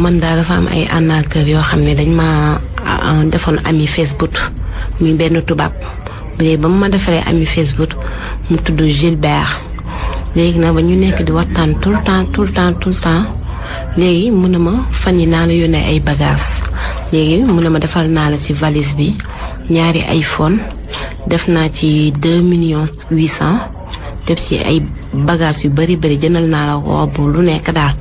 man daal dafa am ay arnaqueur yoo xam ne dañ ma ah, ah, defoon ami Facebook muy benn tubaab léegi ba mu ma defaree ami Facebook mu tudd Gilbert léegi nag ba ñu nekk di waxtaan tout temps tout le temps tout le léegi mu ne ma fan yi naa la yónnee ay bagages léegi mu ne ma defal naa la ci valise bi ñaari iPhone def naa ci deux millions huit cent def ci ay bagages yu bari bari jëndal naa la robe bu lu nekk daal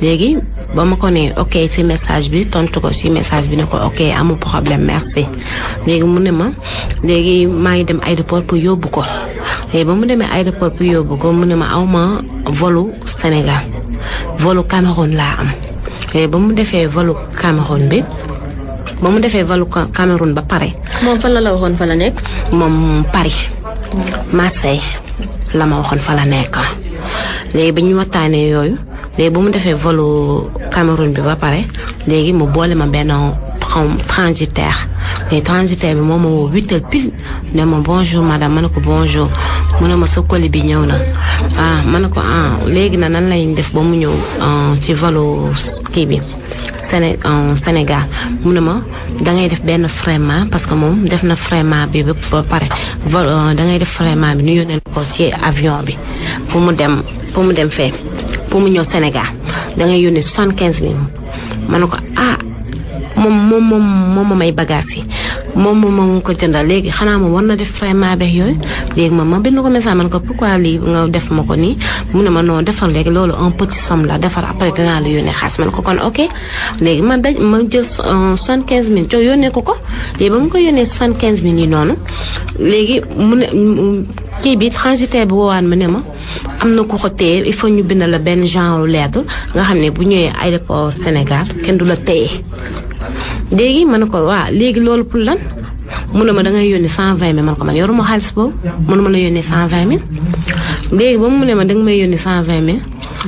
léegi. bon ma connais ok si message bi tontu ko si message bi ne ko ok problème merci légui mu ne ma léegi maa dem aéroport pour yobou ko léegi ba mu demee aéroport pour yobou ko mu ne ma aw volu Sénégal volu Cameroun la am léegi ba défé volu Cameroun bi ba défé volu Cameroun ba paré mom fan la la waxoon fa la nek moom Paris. Marseille la ma waxoon fa la nekk léegi ba ñu waxtaanee yooyu léegi ba volu Cameroun bi ba pare léegi mu boole ma benn xaw transitaire léegi transitaire bi moom ma woo huit pile ne ma bonjour madame ma ne ko bonjour mu ne ma sa bi ñëw na ah ma ne ko ah léegi na nan lay def ba mu ñëw ah, ci valo kii bi. Séné Sénégal mu ne ma dangay def benn fraiment parce que moom def na frainement bi ba pare euh, dangay def frainement bi ñu yónnee ko ci avion bi pour mu dem pour mu dem fee pour mu ñëw Sénégal dangay yónnee soixante quinze mille ma ne ko ah moom moom moom may bagages yi moom moom ma ko jëndal léegi xanaa ma war na def vraiment beex yooyu léegi moom ma benn ko message man ko pourquoi lii nga def ma ko nii mu ne ma non defar léegi loolu un petit somme la defar après dinaa la yónnee xaalis man ko kon ok léegi ma daj ma jël euh, soixante quinze mille co yónnee ko ko léegi ba mu ko yónnee soixante quinze mille yi noonu léegi mu ne kii bi transitaire bi woowaan ma ne ma am na ku ko téye il faut ñu bind la benn genre lettre nga xam ne bu ñëwee aéroport Sénégal kenn du la téye léegi ma ne ko waa léegi loolu pour lan mu ne ma dangay yónnee cent vingt mille man ko man yoruma xaalis boobu mënuma la yónnee cent vingt mille léegi ba mu ne ma danga may yónnee cent vingt mille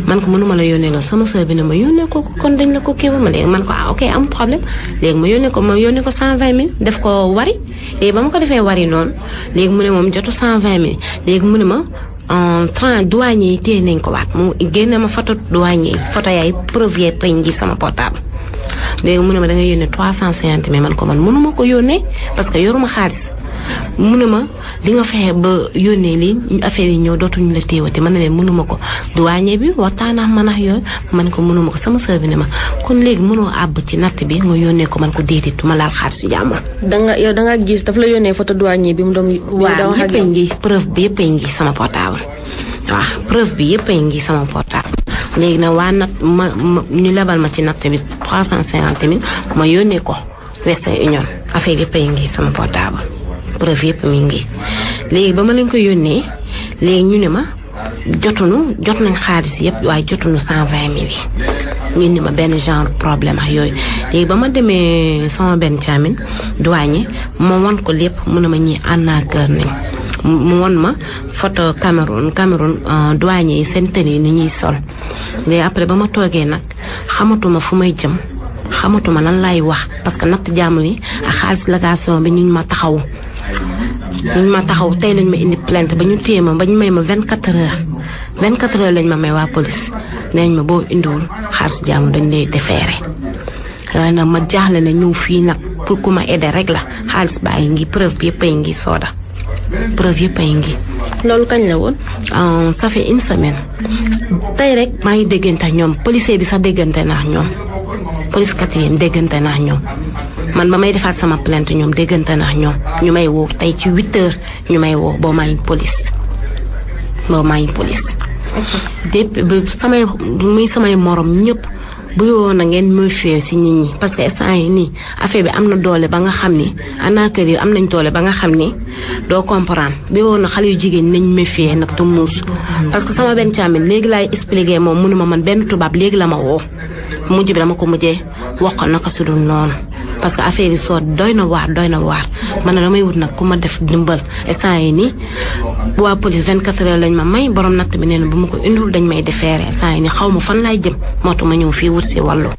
man ko mënuma la yónnee loolu sama sœur bi ne ma yónnee ko kon dañ la ko kii ba ma léegi man ko ah am problème léegi ma yónnee ko ma yónnee ko cent vingt def ko wari ba ma ko defee wari noonu léegi mu ne moom jotu cent vingt mille léegi mu ne ma trente douanier yi téye nañ ko waat mu génne ma photo douanier photo yaay preuve peñ gi sama portable léegi mu ne ma da ngay yónnee trois cent cinquante mais man ko man mënuma ko yónnee parce que yoruma xaalis mu ne ma di nga fexe ba yónnee lii affaire yi ñëw dootuñu la téewati man ne leen mënuma ko duwaañe bi waxtaan ak man ak yooyu man ko mënuma sama sœur bi ne ma kon léegi mënoo àbb ci natt bi nga yónnee ko man ko déedéet du ma laal xaalisu jàmbur. da nga yow da nga gis daf la yónnee photo duwaañe bi mu doon. waaw yëpp a ngi preuve bi yëpp a ngi sama portable. waaw preuve bi yëpp a ngi sama portable. léegi nag waa natt ma ñu lebal ma ci natt bi cent cinquante mille ma yónnee ko Western Union affaire yëpp a ngi sama portable preuve yëpp mi ngi léegi ba ma leen ko yónnee léegi ñu ne ma jotuñu jot nañ xaalis yëpp waaye jotu cent vingt mille yi ñu ni ma benn genre problème ak yooyu léegi ba ma demee sama benn caamin duwaañe ma won ko lépp mu ne ma ñi ànd naa kër nañ mu won ma photo Cameroun Cameroun euh, douanier yi seen yi ni ñuy sol mais après ba ma toogee nag xamatuma fu may jëm xamatuma lan lay wax parce que natt jàmm yi xaalis location bi ñu ma taxaw ma taxaw tey lañ ma indi plainte téye ma ba ñu may ma 24 heures 24 heures lañ ma may waa police neeñ ma boo indiwul xaalis jàmm dañ lay defeere waaye nag ma jaaxle ne ñëw fii nag pour ku ma aider rek la xaalis baa ngi preuve bi yëpp a ngi sooda. preuve yëpp ay ngi loolu kañ la woon euh, ça une semaine tey rek maa ngi déggante ñoom policier bi sax déggante naa ñoom police kat yi déggante naa ñoom man ba may defaat sama plainte ñoom déggante naa ñoom ñu may woo tey ci huit heures ñu may woo boo maa ngi police boo maa ngi police depuis samay muy samay morom ñëpp bu yowoon na ngeen méfier si nit ñi parce que instant yi nii affaire bi am na doole ba nga xam ni ana kër yi am nañ doole ba nga xam ni doo comprendre bu yowoon na xale yu jigéen nañ méfier nag te muus. parce que sama benn càmmin léegi laay expliquer moom mënuma man benn tubaab léegi la ma woo mujj bi dama ko mujjee wax ko naka su dul noonu. parce que affaire yi soo doy na waar doy na waar man damay wut nag ku ma def dimbal instant yi nii waa police 24 heures lañ ma may borom natt bi nee na bu ma ko indul dañ may defeere instant yi nii xaw ma fan laay jëm moo tax ñëw fii wut si wàllu.